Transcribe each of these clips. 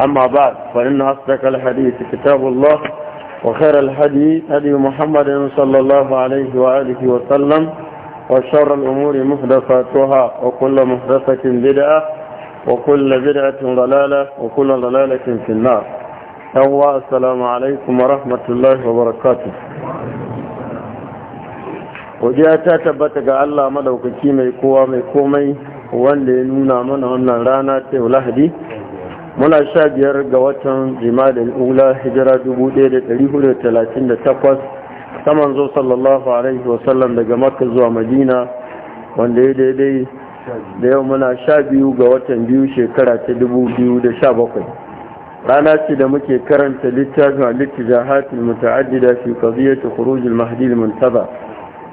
أما بعد فإن أصدق الحديث كتاب الله وخير الهدي هدي محمد صلى الله عليه وآله وسلم وشر الأمور محدثاتها وكل محدثة بدعة وكل بدعة ضلالة وكل ضلالة في النار أهوى السلام عليكم ورحمة الله وبركاته wajiya ta tabbata ga Allah madaukaki mai kowa mai komai wanda ya nuna mana wannan rana ta lahadi muna sha biyar ga watan jimalin ula hijira 1438 saman zo sallallahu alaihi wasallam daga makka zuwa madina wanda ya daidai da yau muna sha biyu ga watan biyu shekara ta 2017 rana ce da muke karanta littafin al-ittijahatul muta'addida fi qadiyati ta kurujin mahdi muntaba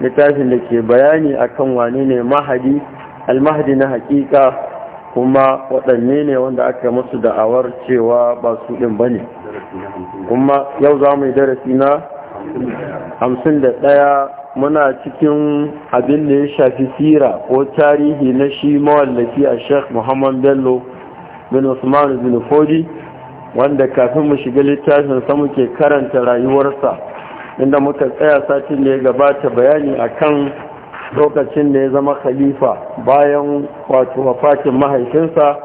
littafin da ke bayani akan wane ne mahadi almahadi na haƙiƙa. kuma waɗanne ne wanda aka musu da'awar cewa ba su ɗin ba ne kuma yau za mu yi darasi na hamsin da ɗaya muna cikin abin da ya shafi sira ko tarihi na shi mawallafi a sheikh muhammad bello bin usman bin fodi wanda kafin mu shiga littafin sa muke karanta rayuwarsa inda muka tsaya satin da ya gabata bayani akan lokacin da ya zama khalifa bayan wato wafatin mahaifinsa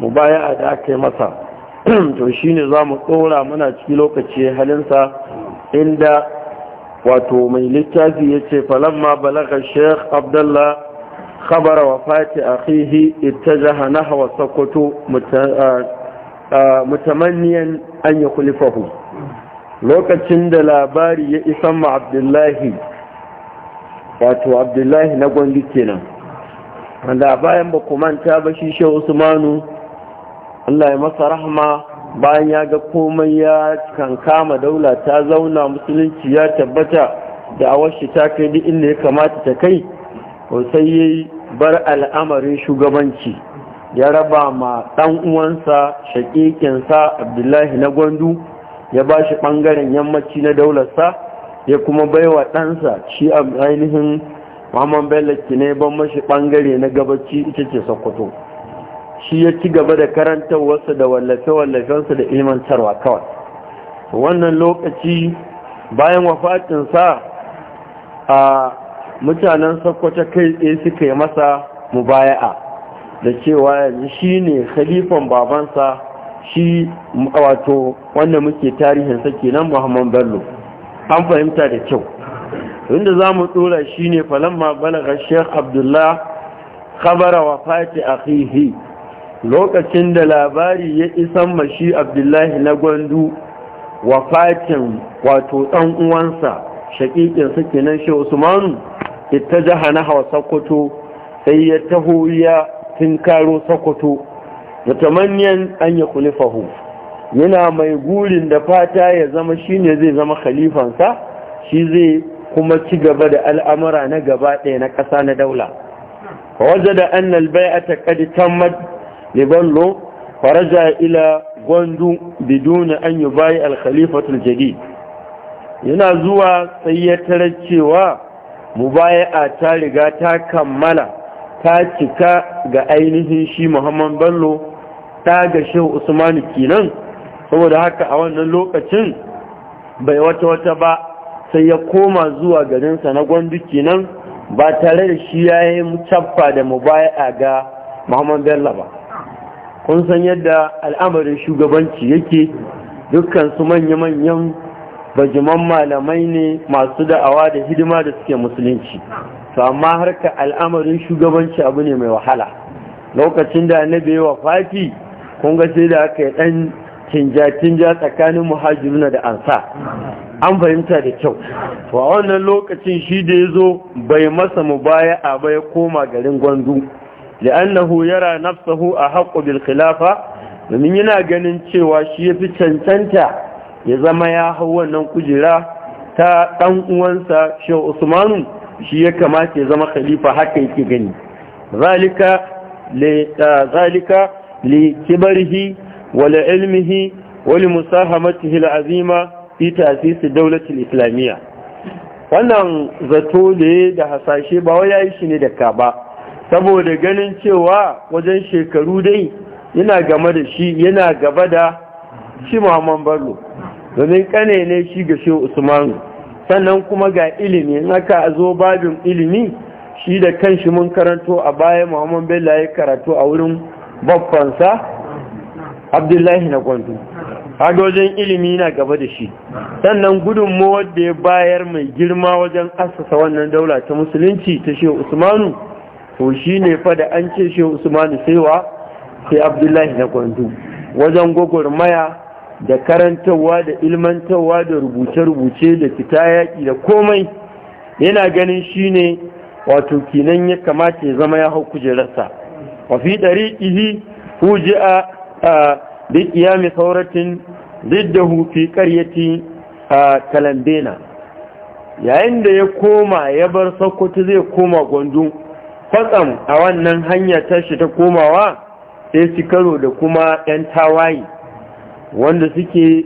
mu baya da aka yi masa to shine za mu tsora muna ciki lokaci halinsa inda wato mai littafi ya ce falamma balaga sheikh abdullah khabara wafati akhihi ittajaha nahwa sokoto mutamanniyan an ya kulifahu lokacin da labari ya isan ma abdullahi wato abdullahi na gwangi kenan wanda bayan ba manta ba shi shehu usmanu allah ya masa rahma bayan ya ga komai ya kankama daula ta zauna musulunci ya tabbata da awashi ta kai duk inda ya kamata ta kai sai ya yi bar al'amarin shugabanci ya raba ma ɗan uwansa sa abdullahi na gwandu ya ba shi ɓangaren yammaci na daularsa ya kuma baiwa ɗansa shi a ainihin muhammad bello ne ban mashi ɓangare na gabaci ita ce sokoto shi ya ci gaba da karantarwarsa da wallafe-wallafensa da ilmantarwa kawai wannan lokaci bayan wafatinsa a mutanen sokoto kai tsaye suka yi masa mubaya'a da cewa yanzu shi ne khalifan babansa shi wato wanda muke tarihinsa kenan muhammad bello an fahimta da kyau inda za mu tsora shi ne falamma balaga sheikh abdullah khabara wa fati akhihi lokacin da labari ya isan mashi abdullahi na gwandu wa fatin wato ɗan uwansa shaƙiƙinsa kenan shi usmanu ita na hawa sokoto sai ya taho ya tinkaro sokoto mutamanniyan an ya kulifahu yana mai gurin da fata ya zama shine zai zama khalifansa shi zai kuma ci gaba da al'amura na gaba ɗaya na ƙasa na daula Wajen da an nalbai a taƙadi tammad liballo faraja ila gwandu biduna an yi bayi alkhalifatul jadi yana zuwa sai ya tarar cewa mu a ta riga ta kammala ta cika ga ainihin shi muhammad bello ta ga shehu usmanu kinan saboda haka a wannan lokacin bai wata wata ba sai ya koma zuwa garinsa na gwandu nan, ba tare da shi ya yi mucaffa da mubaya'a ga muhammad bello ba kun san yadda al'amarin shugabanci yake dukkan su manya-manyan bajiman malamai ne masu da'awa da hidima da suke musulunci to amma harka al'amarin shugabanci abu ne mai wahala lokacin da annabi ya wafati kun ga sai da aka yi dan tinja-tinja tsakanin muhajiruna da ansa an fahimta da kyau Wa wannan lokacin shi da ya zo bai masa mu baya ba ya koma garin gwandu Da annahu yara nafsahu a haƙo bil domin yana ganin cewa shi ya fi cancanta ya zama ya hau wannan kujera ta ɗan uwansa shehu usmanu shi ya kamata ya zama khalifa haka yake gani zalika li eh, kibarihi wala ilmihi wali musahamatihi al'azima fi tasisi islamiyya wannan zato ne da hasashe ba wai yayi shi ne da ka ba saboda ganin cewa wajen shekaru dai yana game da shi yana gaba da shi Muhammad Bello domin kane ne shi ga shi Usmanu sannan kuma ga ilimi in aka zo babin ilimi shi da kanshi mun karanto a baya Muhammad Bello ya karatu a wurin baffansa? abdullahi na gwandu haga wajen ilimi na gaba da shi sannan gudunmawar da ya bayar mai girma wajen asasa wannan daula ta musulunci ta shehu usmanu to shi ne fa da an ce shehu usmanu saiwa sai abdullahi na gwandu wajen gwagwarmaya da karantarwa da ilmantarwa da rubuce-rubuce da fita yaƙi da komai yana ganin shi ne wato kinan ya kamata ya zama ya hau kujerarsa wafi ɗari ihi huji'a bi qiyami sauratin diddahu fi qaryati kalambena yayin da ya koma ya bar sokoto zai koma gondu fatsam a wannan hanya tashi ta komawa sai su karo da kuma 'yan tawaye wanda suke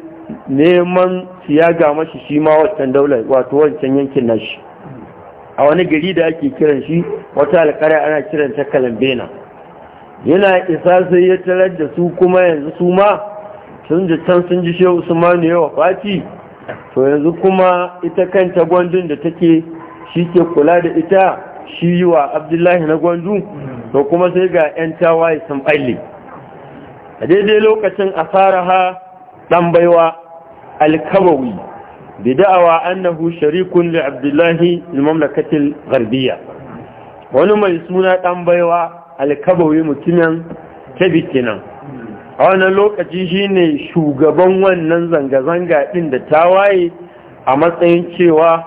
neman siyaga mashi shi ma wancan daular wato wancan yankin nashi a wani gari da ake kiran shi wata alkara ana kiranta kalambena yana isa sai ya tarar da su kuma yanzu su ma sun ji can sun ji shehu usmanu yawa fati to yanzu kuma ita kanta gwandun da take shi ke kula da ita shi yi wa abdullahi na gwandu to kuma sai ga 'yan tawaye sun balle a daidai lokacin asaraha ɗan baiwa alkabawi bida'awa annahu sharikun li abdullahi limamlakatil mamlakatil gharbiya wani mai suna ɗan baiwa alkabawi mutumin kebi kenan a wannan lokaci shine shugaban wannan zanga-zanga ɗin da ta waye a matsayin cewa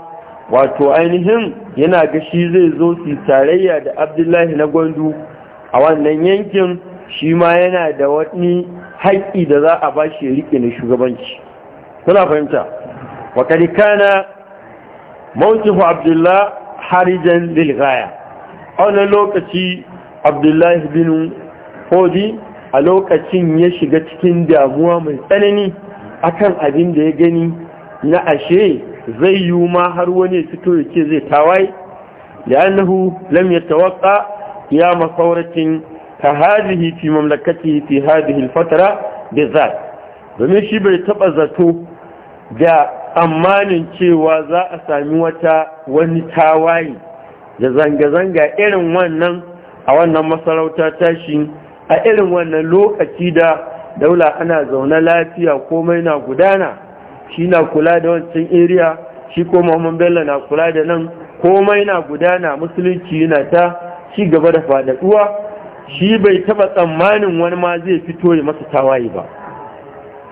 wato ainihin yana ga shi zai zo su tarayya da abdullahi na gwandu a wannan yankin shi ma yana da wani haƙƙi da za a bashi ya riƙe na shugabanci kuna fahimta wakari kana mawukifu abdullahi harijan lilgaya a wannan lokaci abdullahi bin hodi a lokacin ya shiga cikin damuwa mai tsanani akan abin da ya gani na ashe zai yi ma har wani fito ya ce zai tawaye ya ya يتوقع ta ثورة fi mamlakaci fi في fatara da بالذات domin shi bai taɓa zato da amanin cewa za a sami wata wani tawaye da zanga-zanga irin wannan a wannan masarauta tashi a irin wannan lokaci da daula ana zaune lafiya komai na gudana shi na kula da wancan area shi ko Muhammad Bello na kula da nan komai na gudana musulunci yana ta ci gaba da faɗaɗuwa shi bai taɓa tsammanin wani ma zai fito ya masa tawaye ba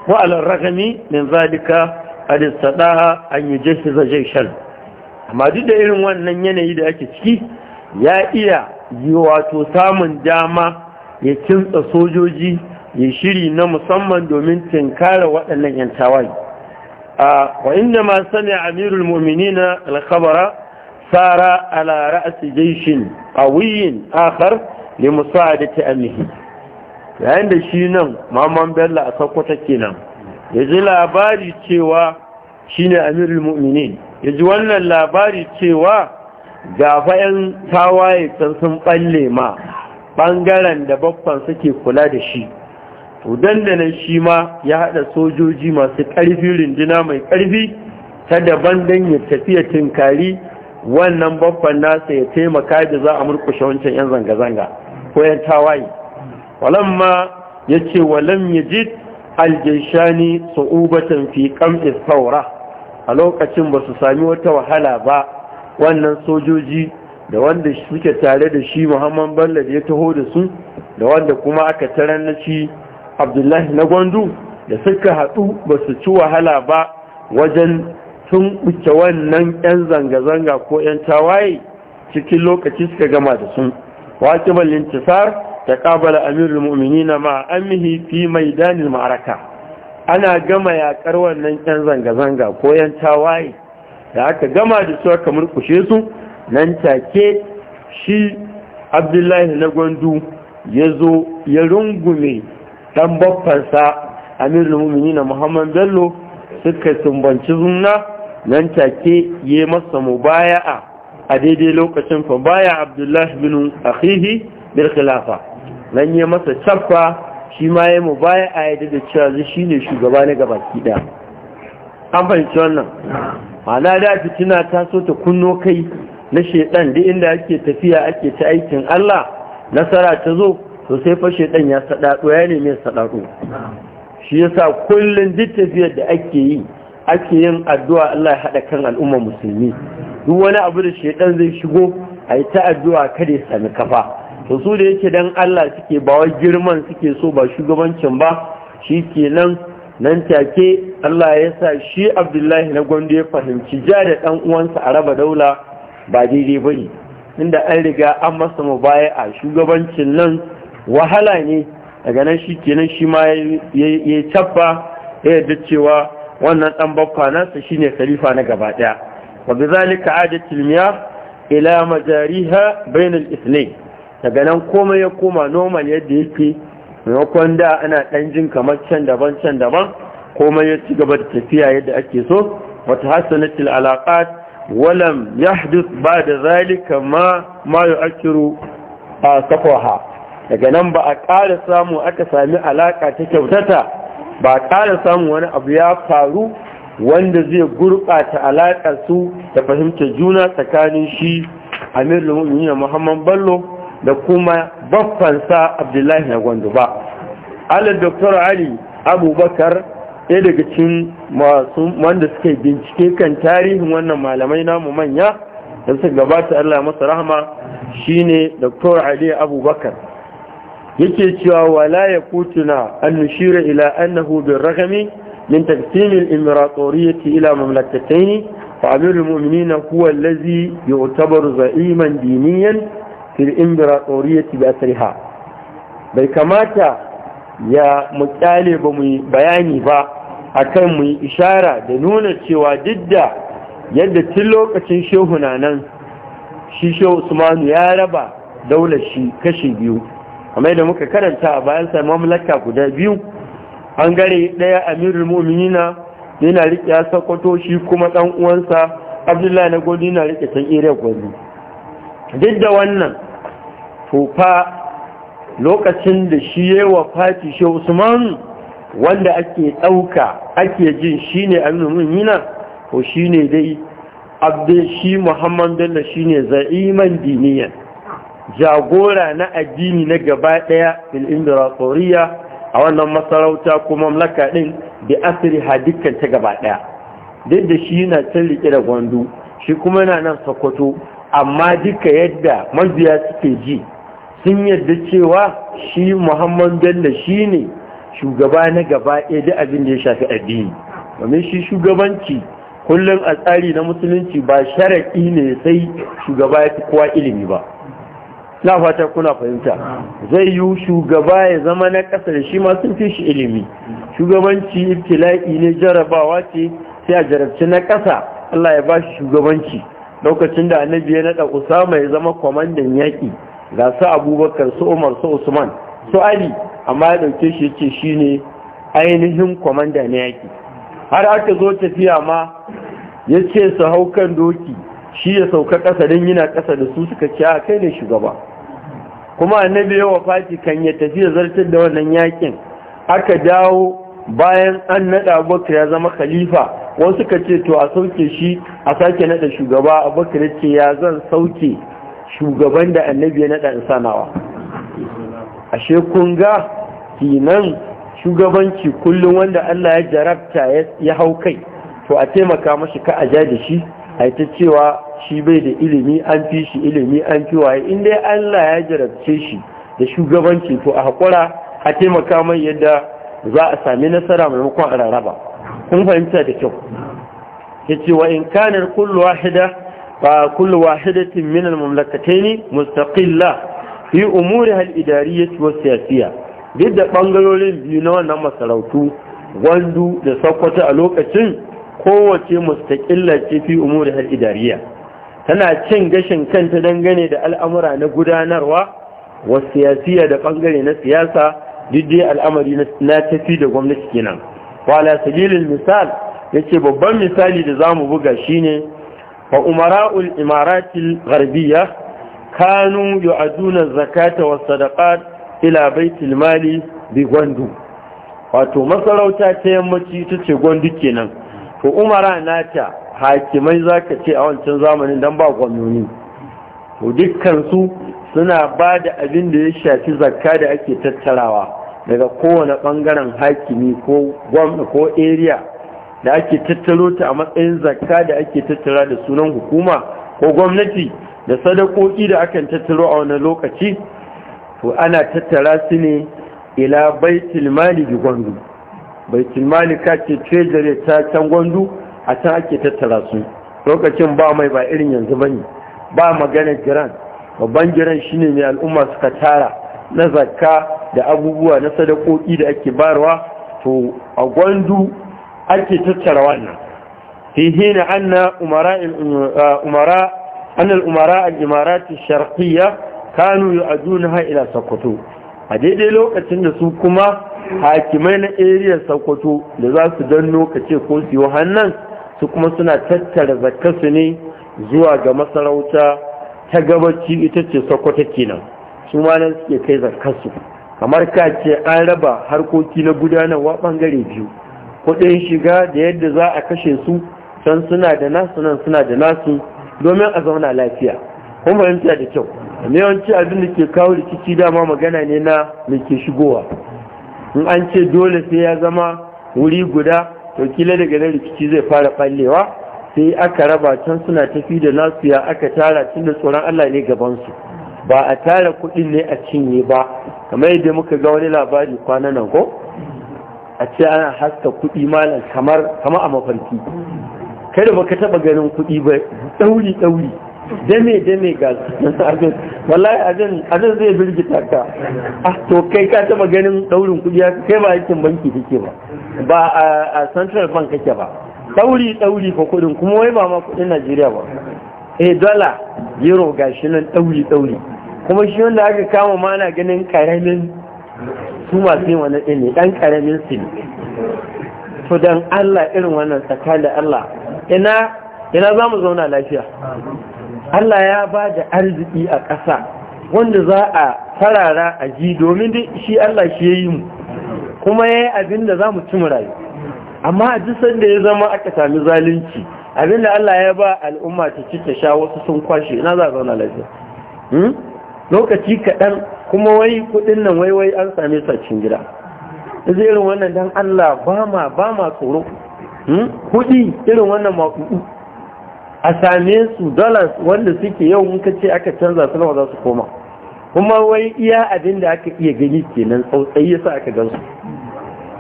wa ragami min zalika adin sadaha an yi jeshi zajen shan amma duk da irin wannan yanayi da ake ciki ya iya wato samun dama ya kinsa sojoji ya shiri na musamman domin tinkara waɗannan 'yan tawaye a wa inda ma sani amirul mummini na alkhabara tsara a lara jaishin a wuyin akar da ta amihi yayin da shi nan maman bello a sakwata kenan ya ji labari cewa shi ne amirul mummini ya ji wannan labari cewa gafa yan tawaye can sun balle ma bangaren da babban suke kula da shi to dandanan shi ma ya hada sojoji masu karfi rinduna mai karfi ta daban dan ya tafiya tinkari wannan babban nasa ya taimaka da za a murkushe wancan yan zanga-zanga ko yan tawaye walamma ya ce walam ya ji aljishani su'ubatan fi kam a lokacin ba su sami wata wahala ba wannan sojoji da wanda suke tare da shi muhammad bello da ya taho da su da wanda kuma aka tarar na shi abdullahi na gwandu da suka haɗu ba su ci wahala ba wajen sun wuce wannan 'yan zanga-zanga ko 'yan tawaye cikin lokaci suka gama da sun waƙibar lintisar ta ƙabala amirul mu'minina ma amihi fi danin ma'araka ana gama yaƙar wannan 'yan zanga-zanga ko 'yan tawaye da aka gama da su aka murkushe su nan take shi abdullahi na gwandu ya zo ya rungume dan baffansa amirul mu'minina muhammad bello suka sumbanci zunna nan take ya masa mubaya'a a daidai lokacin fa baya abdullahi bin akhihi bil khilafa nan ya masa chaffa shi ma ya a ya da cewa shi ne shugaba na gabaki daya an fahimci wannan ma'ana da fitina ta so ta kunno kai na shedan da inda ake tafiya ake ta aikin Allah nasara ta zo to sai fa shedan ya sadado ya neme sadado shi yasa kullun duk tafiyar da ake yi ake yin addu'a Allah ya hada kan al'umma musulmi duk wani abu da shedan zai shigo ai ta addu'a kada ya sami kafa to su da yake dan Allah suke ba wai girman suke so ba shugabancin ba shi shikenan nan take Allah ya sa shi abdullahi na gwamnati ya fahimci ja da ɗan uwansa a raba daula ba daidai ba ne inda an riga an masa mu baya a shugabancin nan wahala ne daga nan shi kenan shi ma ya cabba ya yarda cewa wannan ɗan bakwa nasa ne khalifa na gaba ɗaya Wadda zalika adatul tilmiya ila majariha bainal isnai, daga nan komai ya koma normal yadda yake maimakon da ana ɗan jin kamar can daban can daban komai ya ci gaba da tafiya yadda ake so wata hasanatul alaqat walam yahduth ba da zalika ma ma yu'akkiru a safaha daga nan ba a ƙara samu aka sami alaƙa ta kyautata ba a ƙara samu wani abu ya faru wanda zai gurɓata alaƙar su da fahimtar juna tsakanin shi amir lumumina muhammad ballo da kuma baffan sa abdullahi na gwanduba ba alal doktor ali abubakar ɗaya daga cikin masu wanda suka bincike kan tarihin wannan malamai namu manya da suka gabata allah masa rahama shine doktor ali abubakar yake cewa wala ya kutuna an nushira ila annahu bin ragami min taksimin imiratoriyyati ila mamlakatai fa na mu'minina lazi ya otabar za'iman diniyan fil imbiratoriyati bi asriha bai kamata ya mu ba mu bayani ba akan mu ishara da nuna cewa didda yadda tun lokacin shehu na nan shi shehu usmanu ya raba daular shi kashi biyu kamar da muka karanta a bayan sa mamlaka guda biyu an gare daya amirul mu'minina yana rike ya sakwato shi kuma dan uwansa abdullahi na godi yana rike san area gwani. duk da wannan to lokacin da shi yawa wa fati shi usman wanda ake ɗauka ake jin shi ne aminu yana ko shi ne dai abdai shi muhammad bello shi ne za'iman diniyan jagora na addini na gaba daya fil a wannan masarauta ko mamlaka ɗin da asiri dukkan ta gaba daya duk da shi yana can riƙe da gwandu shi kuma yana nan sokoto amma duka yadda mabiya suke ji sun yadda cewa shi muhammad bello shi ne shugaba na gaba ɗaya da abin da ya shafi addini domin shi shugabanci kullum a tsari na musulunci ba sharaɗi ne sai shugaba ya fi kowa ilimi ba na fata kuna fahimta zai yi shugaba ya zama na ƙasa da shi masu sun fi shi ilimi shugabanci ibtila'i ne jarabawa ce sai a jarabci na ƙasa Allah ya ba shi shugabanci lokacin da annabi ya naɗa usama ya zama kwamandan yaƙi ga su abubakar su umar su usman su ali amma ya dauke shi ce shi ne ainihin kwamanda na yaƙi har aka zo tafiya ma ya ce su hau kan doki shi ya sauka ƙasa don yana ƙasa da su suka ce a kai ne shugaba kuma annabi yawa fati kan ya tafi ya zartar da wannan yakin. aka dawo bayan an naɗa abubakar ya zama khalifa wasu ka ce to a sauke shi a sake naɗa shugaba abubakar ya ce ya zan sauke shugaban da annabi ya naɗa in sanawa ashe kun ga kinan shugabanci kullum wanda Allah ya jarabta ya hau kai to a taimaka mashi ka aja da shi a ta cewa shi bai da ilimi an fi shi ilimi an fi waye in Allah ya jarabce shi da shugabanci to a haƙura a taimaka mai yadda za a sami nasara maimakon a raraba kun fahimta da kyau ya ce wa in kanar kullu wahida fa kullu wahidatin min al-mamlakatayn mustaqilla fi umuriha al-idariyyah wa siyasiyya duk da bangarorin biyu na masarautu gwandu da sokoto a lokacin kowace mustaqilla ce fi umuriha al-idariyya tana cin gashin kanta dangane da al'amura na gudanarwa wa siyasiyya da bangare na siyasa duk dai al'amari na tafi da gwamnati kenan wala sabilil misal yace babban misali da zamu buga shine fa umara'ul imaratil gharbiya kanu aduna zakata wa sadaqat ila baitil mali bi gwandu wato masarauta ta yammaci ta ce gwandu kenan to umara nata hakimai zaka ce a wancan zamanin dan ba gwamnoni to dukkansu suna ba da abin da ya shafi zakka da ake tattarawa daga kowane bangaren hakimi ko ko area da ake tattaro ta a matsayin zakka da ake tattara da sunan hukuma ko gwamnati da sadakoki da akan tattaro a wani lokaci to ana tattara su ne ila baitul mali bi gwandu baitul mali ka ce treasury ta can gwandu a can ake tattara su lokacin ba mai ba irin yanzu bane ba magana jiran. babban giran shine mai al'umma suka tara na zakka da abubuwa na sadakoki da ake barwa to a gwandu ake tattara wannan fi hina anna umara uh, umara al umara al-imarat al sharqiyya kanu yu'adunaha ila sokoto a daidai lokacin da su kuma hakimai na area sokoto da za su danno kace ko su yi hannan su kuma suna tattara zakkasu ne zuwa ga masarauta ta gabaci ita ce sokoto kenan su ma nan suke kai zakkasu kamar ka ce an raba harkoki na gudanarwa bangare biyu kuɗin shiga da yadda za a kashe su can suna da nasu nan suna da nasu domin a zauna lafiya Kuma fahimta da kyau amma yawanci abin da ke kawo rikici dama magana ne na mai ke shigowa in an ce dole sai ya zama wuri guda to kila daga nan rikici zai fara ballewa sai aka raba can suna tafi da nasu ya aka tara tun tsoron Allah ne gabansu ba a tara kuɗin ne a cinye ba kamar yadda muka ga wani labari kwana nan ko a ce ana haska kuɗi malam kamar kama a mafarki kada ba ka taɓa ganin kuɗi ba ɗauri ɗauri dame dame ga azan wallahi azan azan zai birgita ka ah to kai ka taɓa ganin ɗaurin kuɗi kai ba yakin banki kake ba ba a central bank kake ba ɗauri ɗauri ko kuɗin kuma wai ba ma kuɗin najeriya ba eh dala euro gashi nan ɗauri ɗauri kuma shi wanda aka kama ma ana ganin karamin su masu yin wani ɗin ne ɗan ƙaramin su ne to don Allah irin wannan tsakanin da Allah ina za mu zauna lafiya Allah ya ba da arziki a ƙasa wanda za a farara a ji domin shi Allah shi ya yi mu kuma ya yi abin da za mu ci mu rayu amma a jisar da ya zama aka sami zalunci abin da Allah ya ba al'umma ta ci ta sha wasu sun kwashe ina za a zauna lafiya hmm? lokaci kaɗan kuma wai kuɗin nan wai wai an same su a cikin gida zai irin wannan dan Allah ba ma ba ma tsoro hmm? kuɗi irin wannan maƙuɗu a same su dollars wanda suke yau muka ce aka canza su nawa za su koma kuma wai iya abin da aka iya gani kenan tsautsayi yasa aka gansu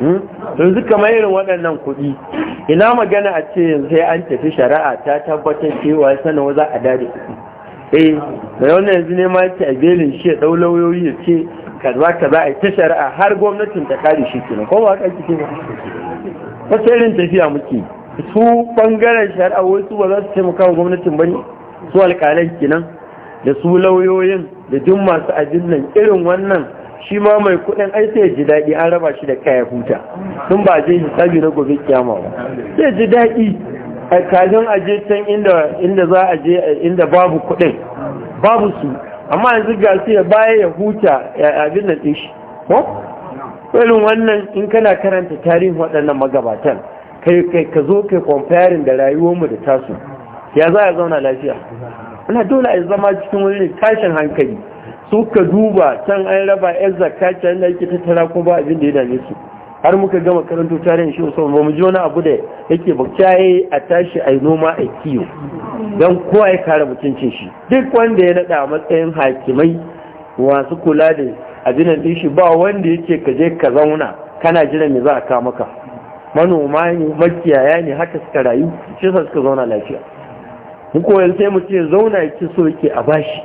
hmm? yanzu kamar irin waɗannan kuɗi ina magana a ce yanzu sai an tafi shari'a ta tabbatar cewa sanawa za a dare kuɗi eh da yau yanzu ne ma yake a belin shi ya ɗau lauyoyi ya ce kaza kaza a ta shari'a har gwamnatin ta kare shi nan, ko ba ka kike ba wasu irin tafiya muke su bangaren shari'a wai su ba za su taimaka wa gwamnatin bane su alƙalan kenan da su lauyoyin da duk masu ajinnan irin wannan shi ma mai kuɗin ai sai ji daɗi an raba shi da kaya huta tun ba je hisabi na gobe kiyama ba sai ji daɗi kafin a je can inda za a je inda babu kuɗin babu su amma yanzu ga su ya baya ya huta abin da ɗin ko? irin wannan in kana karanta tarihin waɗannan magabatan kai kai ka zo kai kwamfayarin da rayuwarmu da tasu ya za a zauna lafiya ana dole a zama cikin wani tashin hankali su ka duba can an raba yan zakka can da ake tattara ko ba abin da ya dame su har muka gama karanto tarihin shi usman ba mu ji wani abu da yake bakcaye a tashi a noma a kiyo don kowa ya kare mutuncin shi duk wanda ya nada matsayin hakimai masu kula da abinan din shi ba wanda yake ka je ka zauna kana jiran me za a ka maka manoma ne makiyaya ne haka suka rayu shi sa suka zauna lafiya mu koyar sai mu ce zauna yake so yake a bashi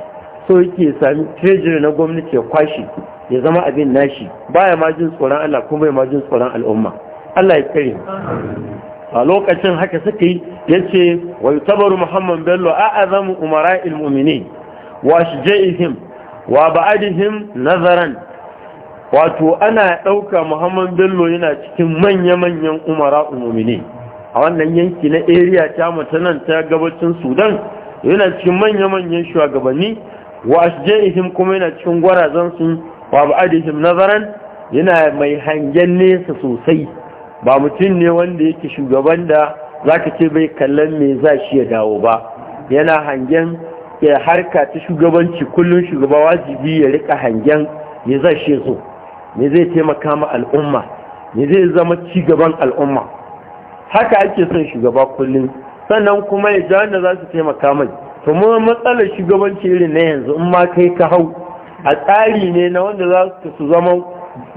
so yake sami treasury na gwamnati ya kwashi ya zama abin nashi baya ma jin tsoron Allah kuma bai ma tsoron al'umma Allah ya kare a lokacin haka suka yi ce, wa yutabaru muhammad bello azamu umara mu'minin wa shujaihim wa ba'adihim nazaran wato ana ɗauka muhammad bello yana cikin manya-manyan umara umumine a wannan yanki na area ta matanan ta gabacin sudan yana cikin manya-manyan shugabanni wa ashjaihim kuma yana cikin gwarazan su wa ba'adihim nazaran yana mai hangen nesa sosai ba mutum ne wanda yake shugaban da zaka ce bai kallon me za shi ya dawo ba yana hangen ya harka ta shugabanci kullum shugaba wajibi ya rika hangen me za shi zo me zai taimaka ma al'umma me zai zama ci gaban al'umma haka ake son shugaba kullum sannan kuma ya ji wanda za su taimaka mai to mu matsalar shugabanci irin na yanzu in ma kai ka hau a tsari ne na wanda za su zama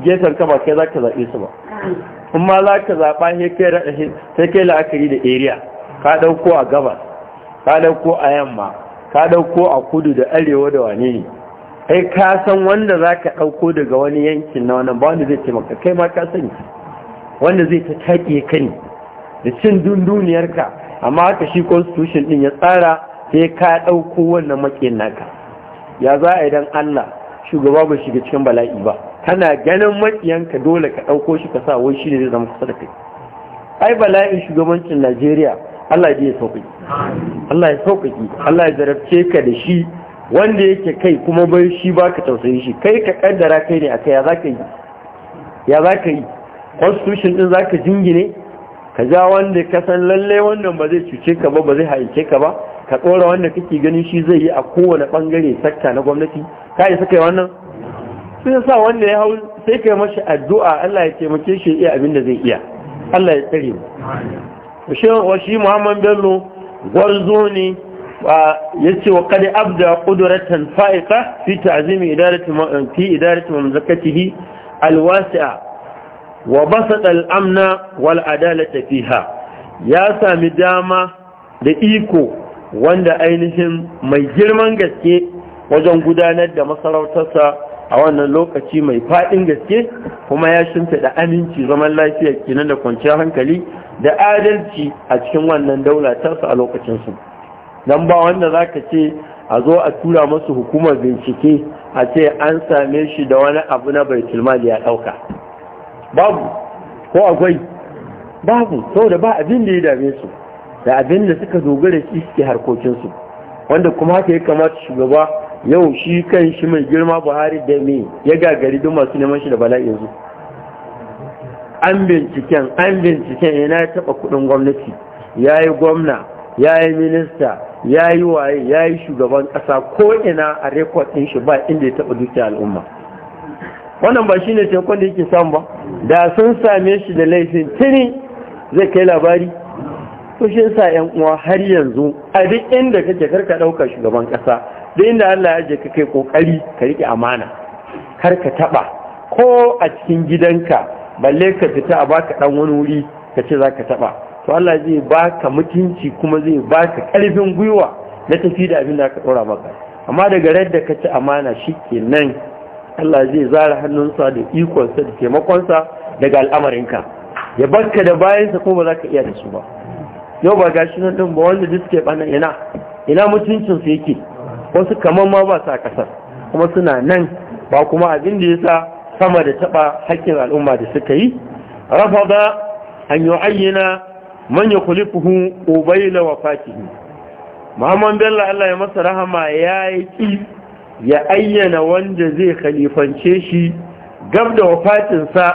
gefen kama kai za ka zaɓe su ba in ma za ka zaɓa sai kai la'akari da area ka ɗauko a gabas ka ɗauko a yamma ka ɗauko a kudu da arewa da wane ne kai ka san wanda za ka ɗauko daga wani yankin na wannan ba wanda zai taimaka kai ma ka sani wanda zai ta taƙe ka ne da cin dunduniyarka amma haka shi constitution ɗin ya tsara sai ka ɗauko wannan maƙin naka ya za a idan Allah shugaba ba shiga cikin bala'i ba kana ganin makiyanka dole ka ɗauko shi ka sa wai shi ne zai zama kusa da kai ai bala'in shugabancin Najeriya Allah ya sauƙaƙi Allah ya sauƙaƙi Allah ya zarafce ka da shi wanda yake kai kuma bai shi ba ka tausayi shi kai ka kaddara kai ne kai. ya za ka yi ya za ka yi constitution din za ka jingine ka ja wanda ka san lalle wannan ba zai cuce ka ba ba zai haice ka ba ka tsora wanda kake ganin shi zai yi a kowane bangare sakta na gwamnati ka yi suka wannan sai sa wanda ya hau sai kai mashi addu'a Allah ya taimake shi iya abin da zai iya Allah ya tsare mu shi wa shi Muhammad Bello gwarzo ne yace wa qad abda qudratan fa'iqa fi ta'zim idarati fi idarati mamlakatihi alwasi'a wa basata al-amna wal adalata fiha ya sami dama da iko wanda ainihin mai girman gaske wajen gudanar da masarautarsa a wannan lokaci mai faɗin gaske kuma ya shimfiɗa aminci zaman lafiyar kenan da kwanciyar hankali da adalci a cikin wannan daulatarsa a lokacinsu don ba wanda za ka ce a zo a tura masu hukumar bincike a ce an same shi da wani abu na baitulmali ya ɗauka babu ko akwai babu saboda ba abin da ya dame su da abin da suka dogara shi suke harkokinsu wanda kuma haka ya kamata shugaba yau shi kan shi mai girma buhari da me ya gagari don masu neman shi da bala'i yanzu an binciken an binciken yana ya taɓa kuɗin gwamnati ya yi gwamna ya yi minista ya yi waye ya yi shugaban ƙasa ko ina a rekod ɗin shi ba inda ya taɓa dukiya al'umma wannan ba shi ne tekon da yake samu ba da sun same shi da laifin tini zai kai labari farko shi yasa yan uwa har yanzu a duk inda kake karka ɗauka shugaban ƙasa duk inda Allah ya je kake kokari ka riƙe amana kar ka taɓa ko a cikin gidanka balle ka fita a baka ɗan wani wuri ka ce za ka taɓa to Allah zai baka mutunci kuma zai baka ƙarfin gwiwa na tafi da abin da aka ɗora maka amma daga rar da ka ci amana shi kenan Allah zai zara hannunsa da ikonsa da taimakonsa daga al'amarinka ya barka da bayansa kuma ba za ka iya da su ba yau ba gashi nan din ba wanda duk suke bana ina ina mutuncin su yake wasu kaman ma ba sa kasar kuma suna nan ba kuma abin da yasa sama da taba hakkin al'umma da suka yi rafada an yu'ayyana man yukhlifuhu ubayla wafatihi Muhammad Bello Allah ya masa rahama ya yi ya ayyana wanda zai khalifance shi gab da wafatinsa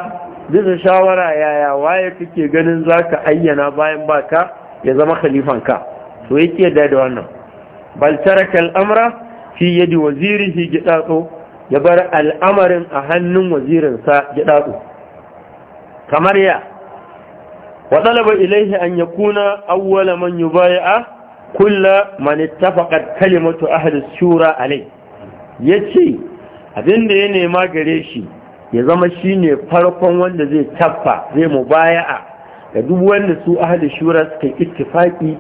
bisa shawara yaya waye kake ganin zaka ayyana bayan baka ya zama ka to yake yadda da wannan bal taraka al'amra fi yadi wazirihi gidado ya bar al'amarin a hannun wazirinsa gidado kamar ya wa talaba ilayhi an yakuna awwala man yubai'a kulla man ittafaqat kalimatu ahli shura alai yace abinda ya nema gare shi ya zama shine farkon wanda zai taffa zai mubaya'a da duk wanda su ahli shura suka yi ittifaki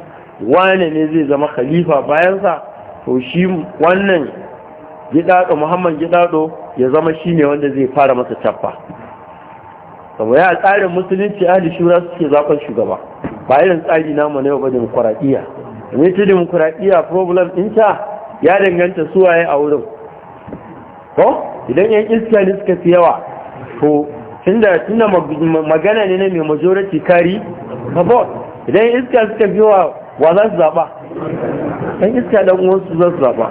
wane ne zai zama khalifa bayansa to shi wannan gidado muhammad gidado ya zama shine wanda zai fara masa tabba saboda a tsarin musulunci ahli shura suke zaben shugaba ba irin tsari na mu ne ba demokradiya ne ta demokradiya problem ta ya danganta suwaye a wurin ko idan yan iska ne suka fi yawa to tunda tunda magana ne na mai majority kari a bot. idan iska suka fi wa za su zaɓa ɗan iska ɗan uwansu za su zaɓa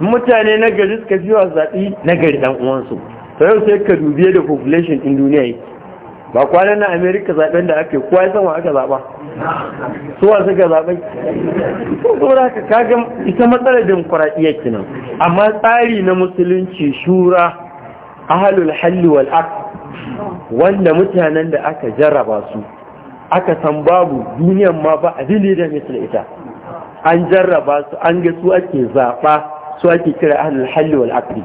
mutane na gari suka fi wa zaɓi na gari ɗan uwansu to yau sai ka dubiye da population in duniya ba kwanan na amerika zaɓen da ake kowa ya san wa aka zaɓa suwa suka ko saboda ka kaga ita matsalar demokuraɗiyya kenan amma tsari na musulunci shura ahalul halli wal wanda mutanen da aka jarraba su aka san babu duniyan ma ba abin da misal ita an jarraba su an ga su ake zaba su ake kira ahalul halli wal aqli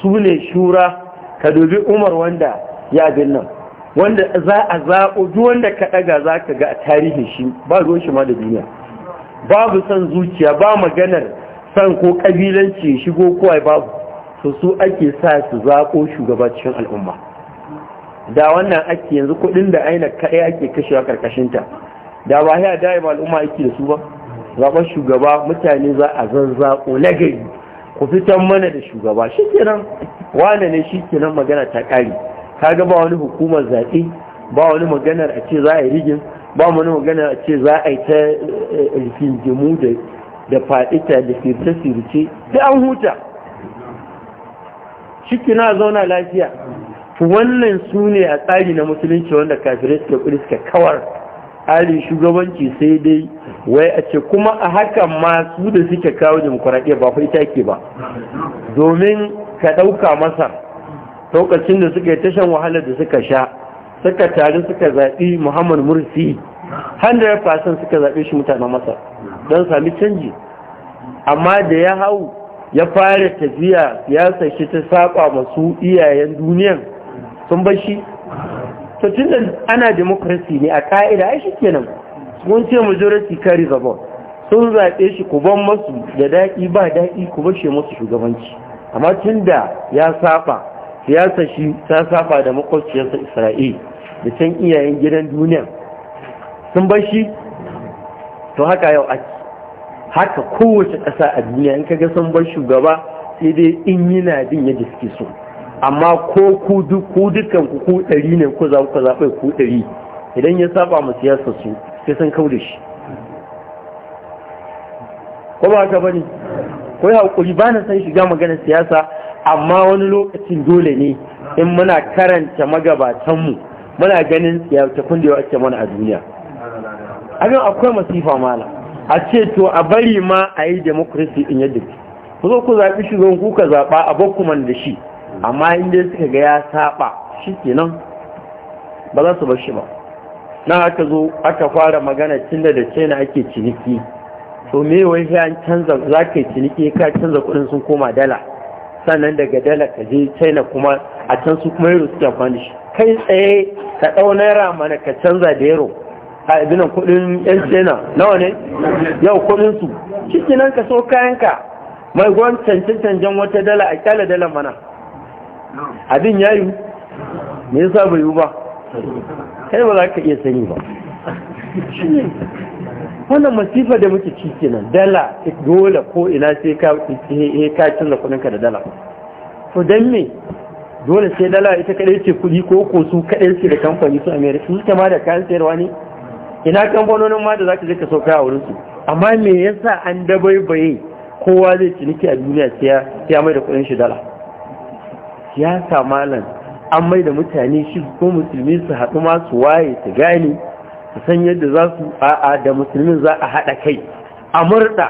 su ne shura ka dubi umar wanda ya bin nan wanda za a zaɓo duk wanda ka ɗaga zaka ga tarihin shi ba ruwan shi ma da duniya babu son zuciya ba maganar san ko ƙabilanci shigo kowai babu su su ake sa su zaƙo shugabacin al'umma da wannan ake yanzu kuɗin da aina kaɗai ake kashewa ƙarƙashinta da ba ya daya ba al'umma ake da su ba zaɓar shugaba mutane za a zazzaƙo na gari ku fitan mana da shugaba shi kenan wane ne shi kenan magana ta ƙari kaga ba wani hukumar zaɓe ba wani maganar a ce za a yi rigin ba wani maganar a ce za a yi ta jimu eh, eh, da ta da firce-firce da an huta ciki na zauna lafiya wannan su ne a tsari na musulunci wanda kafirai suka kuri suka kawar ari shugabanci sai dai wai a ce kuma a hakan ma su da suke kawo demokuraɗiyya ba fa ita ke ba domin ka ɗauka masa lokacin da suka yi tashan wahalar da suka sha suka tare suka zaɓi muhammad mursi 100% suka zaɓe shi mutanen masar don sami canji amma da ya hau ya fara tafiya ya shi ta saba masu iyayen duniyan sun bar shi to tun ana demokrasi ne a ka'ida ai shi kenan sun ce majority kari the sun zaɓe shi ku ban masu da daɗi ba daɗi ku bashe masu shugabanci amma tun da ya saba ya shi ta saba da makwabciyarsa isra'il da can iyayen gidan duniya sun bar shi to haka yau ake haka kowace ƙasa a duniya in kaga san ban shugaba sai dai in yana bin yadda suke so amma ko ku dukkan ku ku ɗari ne ku za ku zaɓe ku ɗari idan ya saba mu siyasa su sai san kau da shi ko ba ka bane ko ya hakuri ba na san shiga magana siyasa amma wani lokacin dole ne in muna karanta magabatanmu muna ganin siyasa kun da yawa ake mana a duniya abin akwai masifa malam a ce to a bari ma a yi demokrasi in yadda ke ku zo ku zaɓi shugaban ku ka zaɓa a bakuman da shi amma inda suka ga ya saɓa shi kenan ba za su bar shi ba na aka zo aka fara magana tun da china ake ciniki to me wai an canza za ka yi ciniki ka canza kuɗin sun koma dala sannan daga dala ka je china kuma a can su kuma yaro suke amfani da shi kai tsaye ka ɗau naira mana ka canza da yaro a ibinan kudin yan sena nawa ne yau kudin su cikinan nan ka so kayanka mai gwan canjan wata dala a kyala dala mana abin ya yi me yasa bai yi ba kai ba za ka iya sani ba wannan masifa da muke cikinan dala dole ko ina sai ka eh, ka canza kudin ka da dala to dan me dole sai dala ita kadai ce kudi ko ko su kadai ce da kamfani su america ita ma da kayan sayarwa ne ina kamfanonin ma da za je ka sauka a wurin su amma me yasa an dabaibaye kowa zai ciniki a duniya sai ya mai da kudin shi dala siyasa malam an mai da mutane shi ko musulmi su haɗu ma su waye su gane su san yadda za su a'a da musulmin za a haɗa kai a murɗa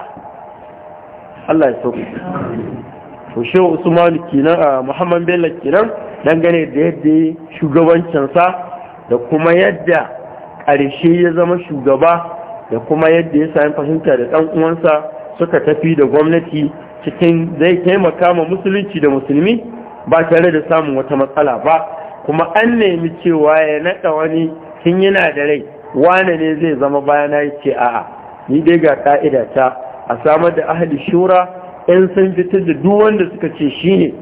Allah ya sauka. to shi Usman kenan a Muhammad Bello kenan dangane da yadda shugabancinsa da kuma yadda ƙarshe ya zama shugaba da kuma yadda ya sami fahimta da ɗan uwansa suka tafi da gwamnati cikin zai taimaka ma musulunci da musulmi ba tare da samun wata matsala ba kuma an nemi cewa ya naɗa wani tun yana da rai wane ne zai zama bayana ya ce a'a ni dai ga ƙa'ida ta a samar da ahli shura 'yan sun fitar da duk wanda suka ce shine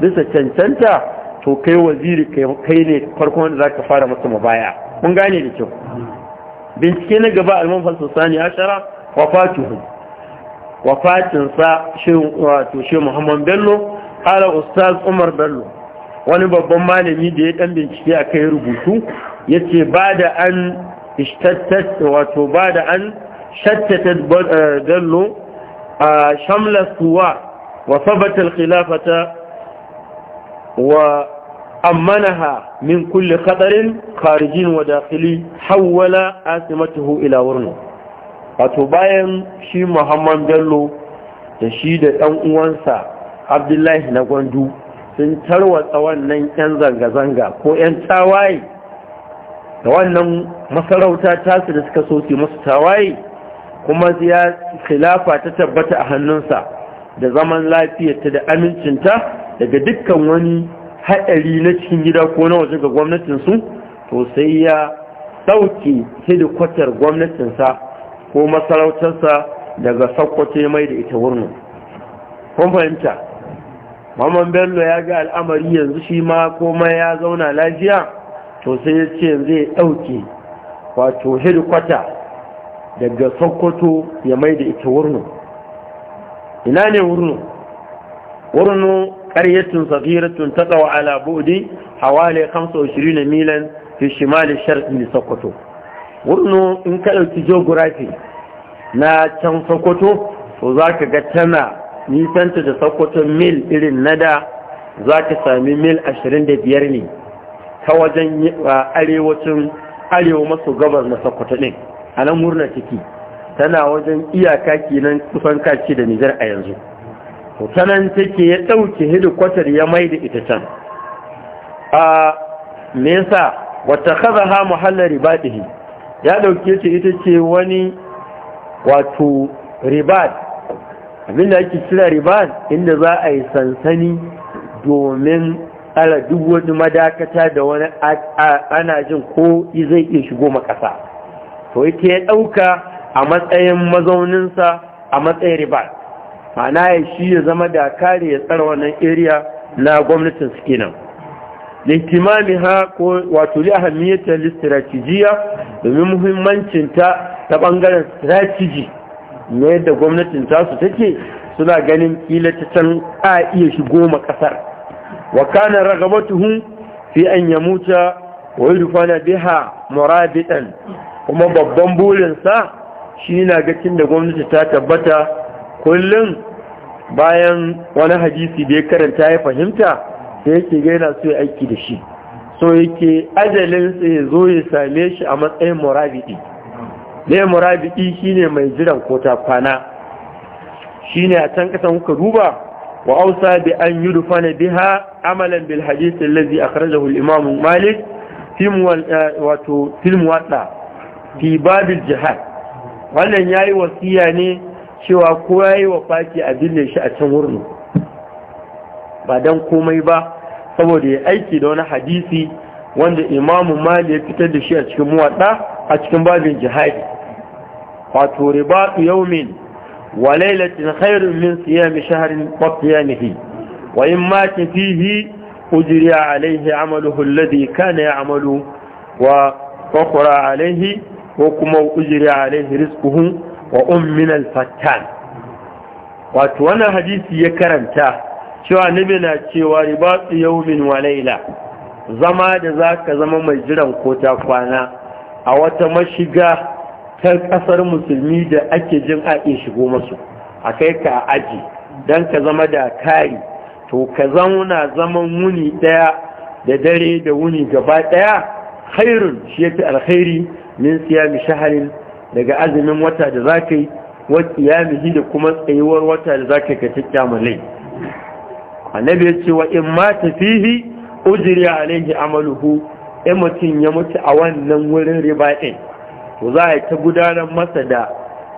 bisa cancanta to kai waziri kai ne farko wanda za ka fara masa mabaya Mun gane da kyau bincike na gaba alman falsosani ya shara wafatuhu wafatinsa wato shi muhammad bello ala ustaz umar bello wani babban malami da ya ɗan bincike a kai rubutu ya ce ba da an wato ba an shattata eh, bello a shamla wa sabatar khilafata wa أمنها من كل خطر خارجي وداخلي حول آسمته إلى ورنه فتباين شي محمد جلو تشيد أنوانسا عبد الله Gwandu sun tarwatsa wannan 'yan zanga-zanga ko 'yan tawaye da wannan masarauta tasu da suka soke masu tawaye kuma ya khilafa ta tabbata a hannunsa da zaman lafiyarta da amincinta daga dukkan wani haɗari na cikin gida ko na waje ga gwamnatinsu to sai ya ɗauke hedikwatar gwamnatinsa ko masarautarsa daga sakwace mai da ita wurin kun fahimta maman bello ya ga al'amari yanzu shi ma koma ya zauna lafiya to sai ya ce yanzu ya ɗauke wato hedikwata daga Sokoto ya mai da ita wurin ina ne wurin wurin tun saghiratun taqaw ala bu'di hawali 25 milan fi shimal sharq min sokoto wurno in ka dauki geography na can sokoto to ka ga tana nisanta da sokoto mil irin nada zaka sami mil 25 ne ta wajen arewacin arewa maso gabar na sokoto din a nan murna ciki tana wajen iyaka kenan kusan kaci da nijar a yanzu to take ya ɗauke hidikwatar ya mai da ita can a me yasa wata kaza ha muhallar ribadihi ya ɗauke ta ita ce wani wato Abin abinda ake cira ribad inda za a yi sansani domin ala duk wani madakata da wani ana jin ko zai iya shigo makasa to ita ya ɗauka a matsayin mazauninsa a matsayin ribat ana ya shi ya zama da kare ya tsara wannan area na gwamnatin su kenan lintimami ha ko wato li ahammiyatar listiracijiya domin muhimmancin ta bangaren strategy na yadda gwamnatin tasu take suna ganin kila ta can a iya shigo ma kasar wa kana ragabatuhum fi an yamuta wa yudfana biha muradidan kuma babban burinsa shi na ga da gwamnati ta tabbata kullum bayan wani hadisi da ya karanta ya fahimta da yake gaina su ya aiki da shi so yake ajalinsa ya zo ya same shi a matsayin murabidi ne murabidi shine mai jiran kota kwana shine a can kasan kuka duba wa ausa bi an yudfana biha amalan bil hadith allazi akhrajahu al imam malik fi eh, wato film wadda fi babil jihad wannan yayi wasiya ne cewa kowa ya yi wa faki a binne shi a can wurin ba don komai ba saboda ya aiki da wani hadisi wanda imamu mali ya fitar da shi a cikin muwaɗa a cikin babin jihadi wato ribatu yaumin wa lailatin khairun min siyami shaharin wa qiyamihi wa in mata fihi ujriya alaihi amaluhu alladhi kana ya'malu wa a alaihi ko kuma ujriya alaihi rizquhu wa ummin al-fattan wato wannan hadisi ya karanta cewa nabi na cewa ribatu yawmin wa layla zama da zaka zama mai jiran ko ta kwana a wata mashiga ta kasar musulmi da ake jin ake shigo masu a kai ka aji don ka zama da kari to ka zauna zaman wuni daya da dare da wuni gaba daya khairun shi yafi alkhairi min siyami shaharin daga azumin wata da za ka yi ya mihi da kuma tsayuwar wata da za ka yi ka malai annabi ya ce wa in ma tafihi ujiri alaihi amaluhu in mutum ya mutu a wannan wurin riba ɗin to za a yi ta gudanar masa da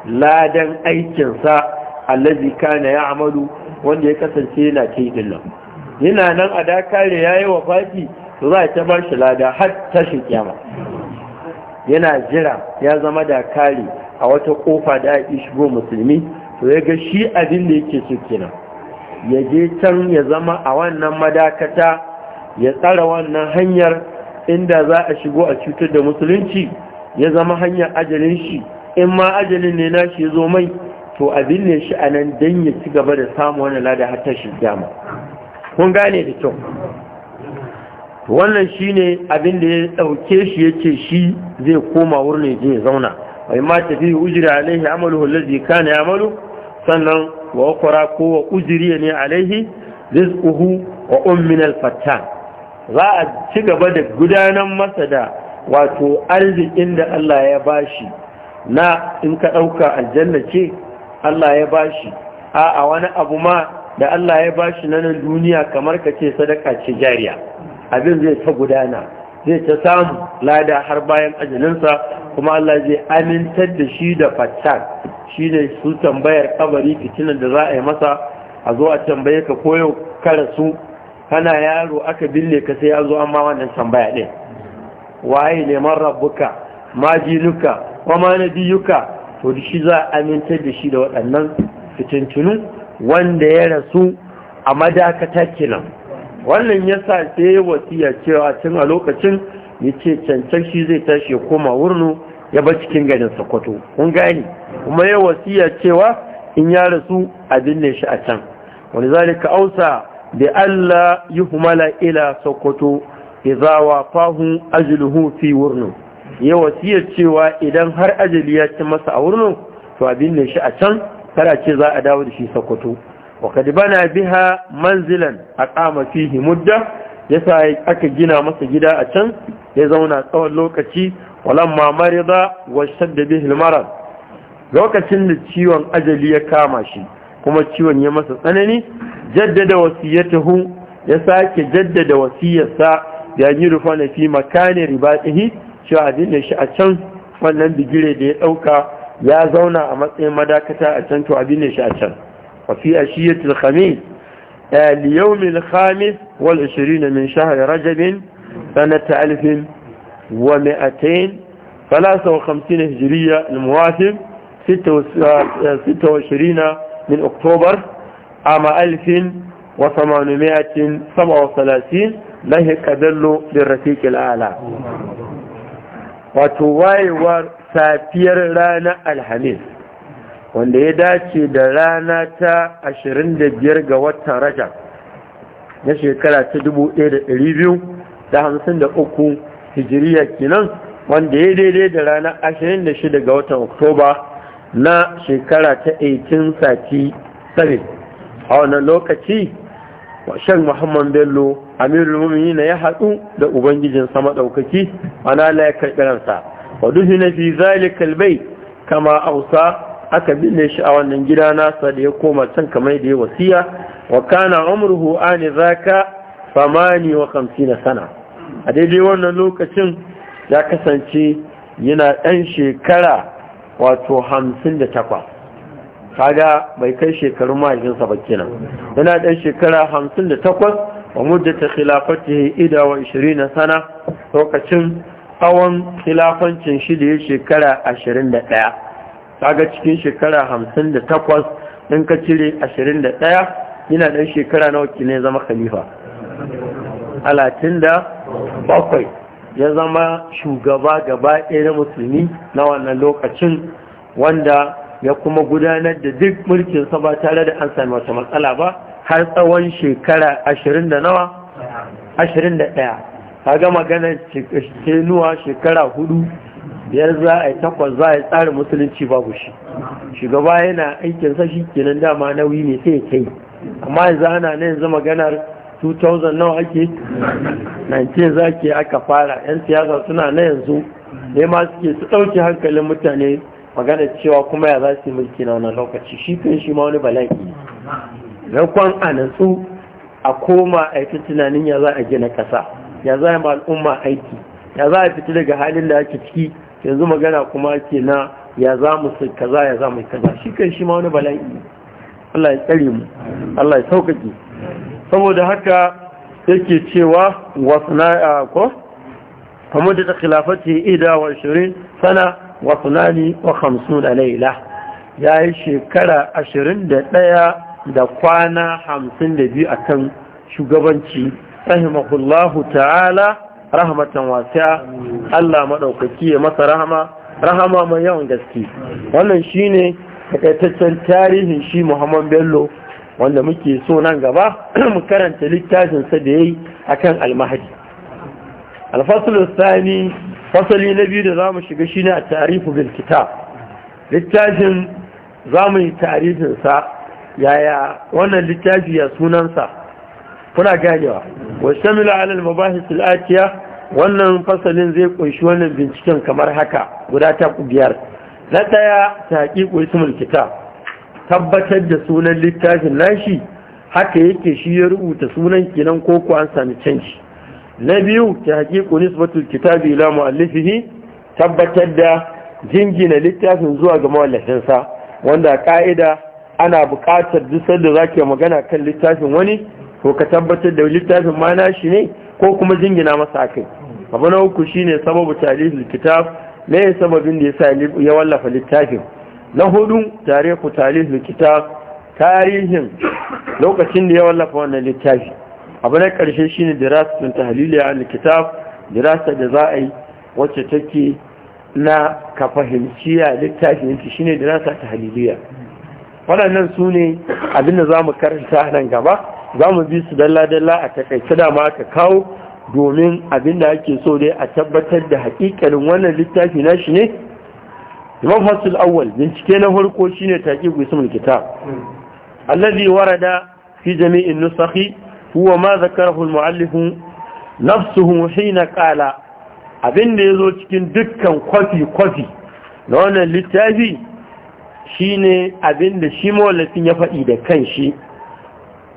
ladan aikinsa allazi kana ya amalu wanda ya kasance yana kai din yana nan a dakare ya yi wa fati to za a ta ba shi lada har ta shi yana jira ya zama da kare a wata kofa da ake shigo musulmi to ya ga shi abin da yake su kina ya je can ya zama a wannan madakata ya tsara wannan hanyar inda za a shigo a cutar da musulunci ya zama hanyar ajalin shi in ma ajalin ne na shi zo mai to abin ne shi a nan don ya ci gaba da samu wani lada har ta shi dama kun gane da kyau wannan shine abin da ya dauke shi ya ce shi zai koma wurin je ya zauna wai ma tafi ujri alaihi amaluhu allazi kana ya'malu sannan wa kwara ko wa ujiri ne alaihi rizquhu wa ummin fata. za a ci gaba da gudanar masa da wato arzikin da Allah ya bashi na in ka dauka aljanna ce Allah ya bashi a a wani abu ma da Allah ya bashi na nan duniya kamar ka ce sadaka ce jariya abin zai ta gudana zai ta samu lada har bayan ajininsa, kuma Allah zai amintar da shi da fatar shi ne su tambayar kabari fitinan da za a yi masa a zo a tambaye ka koyo kara su kana yaro aka binne ka sai ya zo amma wannan tambaya ɗin waye neman rabbuka ma jinuka kuma na biyuka to da shi za a amintar da shi da waɗannan fitintunu wanda ya rasu a madakata kenan wannan ya sa yi wasiya cewa tun a lokacin ya ce cancan shi zai tashi ya koma wurnu ya ba cikin garin sokoto kun gani kuma ya wasiya cewa in ya rasu a binne shi a can wani zalika ausa da Allah yi humala ila sokoto ya zawa fahun ajiluhu fi wurnu ya wasiya cewa idan har ajali ya ci masa a wurnu to a binne shi a can kara ce za a dawo da shi sokoto wa bana biha manzilan aqama fihi mudda yasa aka gina masa gida a can ya zauna tsawon lokaci walamma marida wa shadda bihi almarad lokacin da ciwon ajali ya kama shi kuma ciwon ya masa tsanani jaddada wasiyatahu ya sake jaddada wasiyarsa ya yi rufa na fi makani ribatihi cewa abin shi a can wannan bigire da ya ɗauka ya zauna a matsayin madakata a can to abin shi a can وفي أشية الخميس اليوم آه، الخامس والعشرين من شهر رجب سنة ألف ومائتين ثلاثة وخمسين هجرية المواسم ستة آه، وعشرين من أكتوبر عام ألف وثمانمائة سبعة وثلاثين له كذل للرفيق الأعلى وتوايور سافير لنا الحميد wanda ya dace da rana ta 25 ga watan Raja na shekara ta 1253 hijiriya kinan wanda ya daidai da rana 26 ga watan oktoba na shekara ta 1837 a wannan lokaci shan muhammad bello amirul mumini ya haɗu da ubangijin sama ɗaukaki ana la ya karɓi ransa wa fi zalikal bai kama ausa aka binne shi a wannan gida nasa da ya koma can kamar da ya wasiya wa kana umruhu ani zaka famani wa kamsina sana a daidai wannan lokacin ya kasance yana ɗan shekara wato hamsin da takwas kaga bai kai shekarun mahaifinsa ba kenan yana ɗan shekara hamsin da takwas wa muddata khilafatihi ida wa ishirina sana lokacin tsawon khilafancin shi da ya shekara ashirin da ɗaya kaga cikin shekara hamsin da takwas in ka cire ashirin da ɗaya yana ɗan shekara na wakil ne zama khalifa alatin da bakwai ya zama shugaba gaba ɗaya na musulmi na wannan lokacin wanda ya kuma gudanar da duk mulkinsa ba tare da an sami wata matsala ba har tsawon shekara ashirin da nawa ashirin da ɗaya kaga maganar shekara hudu biyar za a yi takwas za a yi tsarin musulunci babu shi shugaba yana aikin sashi kenan dama nauyi ne sai ya kai amma yanzu ana na yanzu maganar 2000 nawa ake 19 za ke aka fara yan siyasa suna na yanzu ne ma suke su ɗauki hankalin mutane magana cewa kuma ya za su yi mulki na wani lokaci shi kan shi ma wani bala'i kwan a natsu a koma a yi tunanin ya za a gina ƙasa ya za a ma al'umma aiki ya za a fita daga halin da ake ciki yanzu magana kuma ke na ya za mu sai kaza ya za mu kaza shi kan shi ma wani bala'i Allah ya tsare mu Allah ya sauƙaƙe saboda haka yake cewa wasna ko kamar da khilafati ida wa 20 sana wa sunani wa 50 laila yi shekara 21 da kwana 52 akan shugabanci rahimahullahu ta'ala rahmatan wasiya Allah madaukaki ya masa rahama rahama mai yawan gaske wannan shine takaitaccen tarihin shi Muhammad Bello wanda muke so nan gaba mu karanta littafin sa da yayi akan al-mahdi al-fasl thani fasali na biyu da zamu shiga shine a tarihu bil kitab littafin zamu yi tarihin sa yaya wannan littafi ya sunansa kuna ganewa wa shamila ala al atiya wannan fasalin zai kunshi wannan binciken kamar haka guda ta biyar na daya taqiqu ismul kitab tabbatar da sunan littafin nashi haka yake shi ya rubuta sunan kinan ko ko an sami canji na biyu ta taqiqu nisbatul kitabi ila muallifihi tabbatar da jingina littafin zuwa ga mawallafinsa wanda ka'ida ana buƙatar duk sanda zake magana kan littafin wani ko ka tabbatar da littafin ma nashi ne ko kuma jingina masa kai? abu na uku shine sababu talihul kitab ne sababin da yasa ya wallafa littafin na hudu tarihu talihul kitab tarihin lokacin da ya wallafa wannan littafi abu na karshe shine dirasatun tahliliya al-kitab dirasa da za a yi wacce take na ka fahimci ya littafin shi shine dirasa tahliliya waɗannan sune ne abinda za mu karanta nan gaba za mu bi su dalla-dalla a takaice da ma kawo domin abin da ake so dai a tabbatar da hakikalin wannan littafi na shi ne imam fasul awwal bincike na farko shine taqiqu ismul allazi wara da, fi jami'in nusafi huwa ma zakar al nafsu hunhi na ƙala. abin da ya zo cikin dukkan kwafi kwafi na wannan littafi ne abin da shi mawallafin ya faɗi da kan shi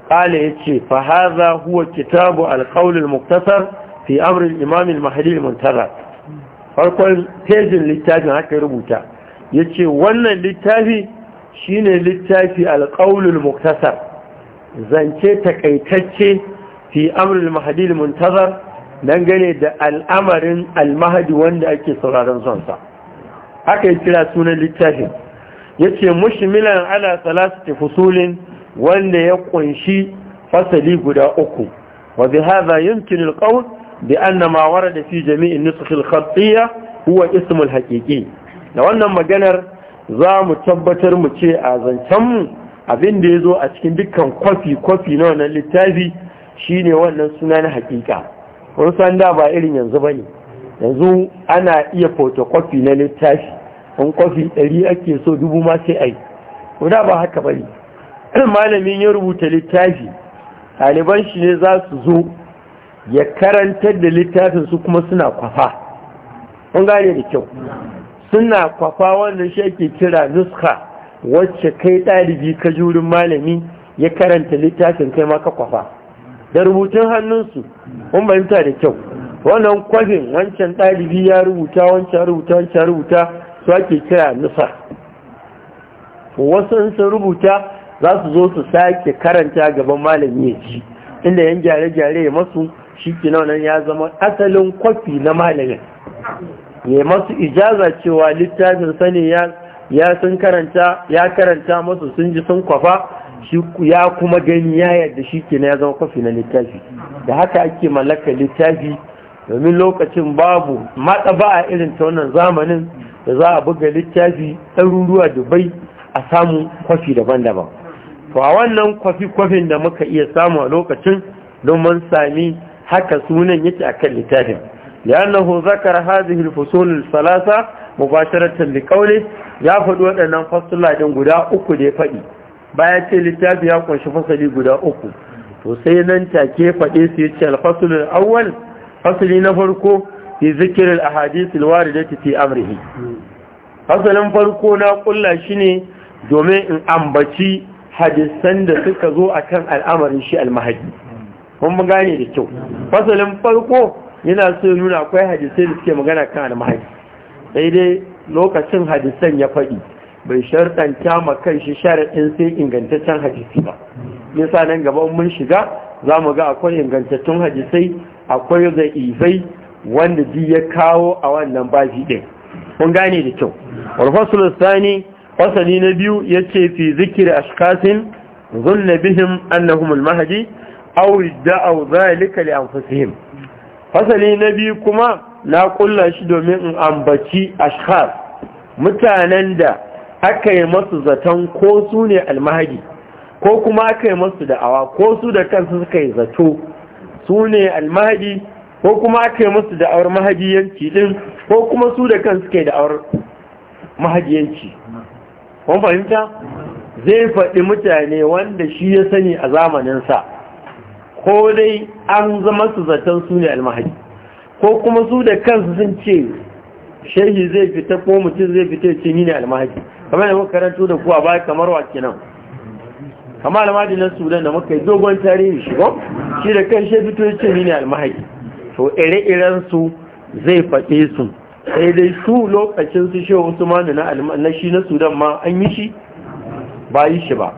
قال يتشي fahaza huwa kitabu القول المقتصر في أمر الإمام المهدي المنتظر farkon tejin littafin haka rubuta ya ce wannan littafi shine littafi alƙaunul muktasar zance takaitacce fi amrul mahadil muntazar dangane da al'amarin almahadi wanda ake sauraron sonsa haka ya kira sunan littafin ya ce mushmilan ala salasati fusulin wanda ya kunshi fasali guda uku wa bi hadha yumkin alqawl bi anna ma warada fi jami'in an-nusakh al huwa ism da wannan maganar za mu tabbatar mu ce a zancen mu abin da zo a cikin dukkan kwafi kwafi na wannan littafi shine wannan suna na haƙiƙa wani san da ba irin yanzu ne. yanzu ana iya fotokwafi na littafi Wani kwafi ɗari ake so dubu ma sai ai ko da ba haka ne. malamin ya rubuta littafi ɗaliban shi ne za su zo ya karantar da littafin su kuma suna kwafa kun gane da kyau suna kwafa wannan shi ake kira nuska wacce kai ɗalibi ka jurin malami ya karanta littafin kai maka kwafa da rubutun hannunsu kun fahimta da kyau wannan kwafin wancan ɗalibi ya rubuta wancan rubuta wancan rubuta su ake kira nusa wasu sun rubuta za su zo su sake karanta gaban malami ya ji. inda yan gyare-gyare ya masu shi nan ya zama asalin kwafi na malamin ya masu ijaza cewa littafin sani ya sun karanta ya karanta masu sun ji sun kwafa ya kuma gani ya yadda shi kenan ya zama kwafi na littafi da haka ake mallaka littafi domin lokacin babu matsa ba a irin ta wannan zamanin da za a buga littafi ɗaruruwa dubai a samu kwafi daban-daban to a wannan kwafi-kwafin da muka iya samu a lokacin don mun sami haka sunan yake a kan littafin yana zakara hadhihi al-fusul salasa, mubasharar mubasharatan ya faɗi waɗannan fasula ɗin guda uku da ya faɗi ya ce littafi ya kunshi fasali guda uku to sai nan take faɗe su yi al-fasl awwal fasali na farko fi zikr al amrihi fasalin farko na kulla shine domin in ambaci hadisan da suka zo a kan al'amarin shi almahadi kun mu gane da kyau fasalin farko yana so nuna akwai hadisai da suke magana kan al almahadi daidai lokacin hadisan ya faɗi bai sharɗanta ma kan shi sharaɗin sai ingantaccen hadisi ba nisa nan gaba mun shiga za mu ga akwai ingantattun hadisai akwai za'izai wanda ji ya kawo a wannan baji ɗin kun gane da kyau fasalin sani fasali na biyu ya ce fi zikiri ashkasin zunna bihim annahum almahdi aw da'aw zalika li anfusihim fasali na biyu kuma na kulla shi domin in ambaci ashkas mutanen da aka yi masu zaton ko su ne almahadi ko kuma aka yi masu da'awa ko su da kansu suka yi zato su ne almahadi ko kuma aka yi masu da'awar mahadiyanci din ko kuma su da kansu suka yi da'awar mahadiyanci kun fahimta zai faɗi mutane wanda shi ya sani a zamaninsa ko dai an zama su zaton su ne almahaji ko kuma su da kansu sun ce shehi zai fita ko mutum zai fita ce ni ne almahaji kamar da muka karanto da kuwa ba kamar wa kenan kamar almahaji na sudan da muka yi dogon tarihi shi ba shi da kan shi fito ce ni ne almahaji to ire-iren su zai faɗe su sai dai su lokacin su shi usmanu na na shi na sudan ma an yi shi ba yi shi ba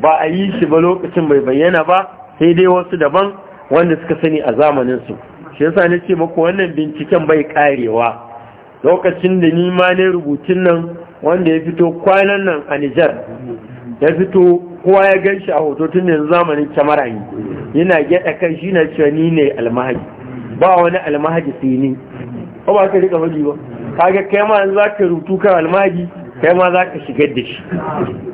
ba a yi shi ba lokacin bai bayyana ba sai dai wasu daban wanda suka sani a zamanin su shi yasa na ce muku wannan binciken bai karewa lokacin da ni ma ne rubutun nan wanda ya fito kwanan nan a Nijar ya fito kowa ya gan shi a hoto tun yanzu zamanin kyamara yana gyaɗa kan shi na cewa ni ne almahadi ba wani almahadi sai ni ko ba ka rika faɗi ba kaga kai ma yanzu zaka rutu kan almagi kai ma zaka shigar da shi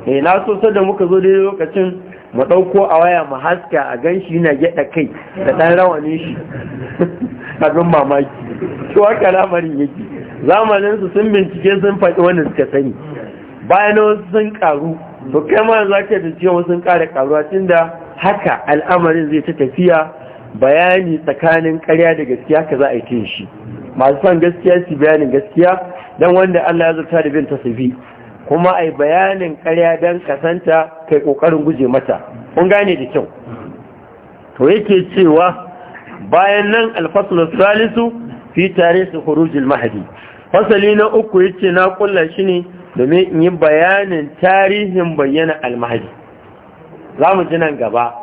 eh na so sai da muka zo dai lokacin mu ɗauko a waya mu haska a gan shi na gyaɗa kai da ɗan rawanin shi abin mamaki to a kalamarin yake zamanin su sun bincike sun faɗi wanda suka sani bayan wasu sun karu to kai ma za ka da cewa sun ƙara karuwa tunda haka al'amarin zai ta tafiya bayani tsakanin ƙarya da gaskiya ka za a yi shi masu son gaskiya su bayanin gaskiya don wanda Allah ya zarta da bin tasiri kuma a bayanin karya don kasanta kai ƙoƙarin guje mata kun gane da kyau to yake cewa bayan nan alfasulun salisu fi tare su hurujil mahadi fasali na uku ya ce na kulla shi ne domin in yi bayanin tarihin bayyana almahadi za mu ji nan gaba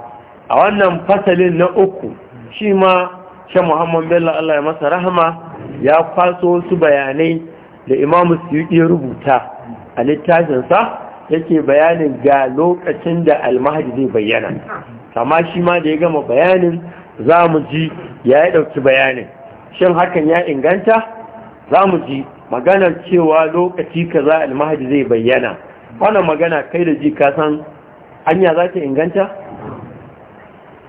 a wannan fasalin na uku shi ma shan muhammad bello allah ya masa rahama ya kwaso wasu bayanai da imamu suyuki ya rubuta a littafinsa yake bayanin ga lokacin da almahadi zai bayyana kama shi ma da ya gama bayanin za mu ji ya yi ɗauki bayanin shin hakan ya inganta za mu ji maganar cewa lokaci kaza almahadi zai bayyana wannan magana kai da ji ka san za ta inganta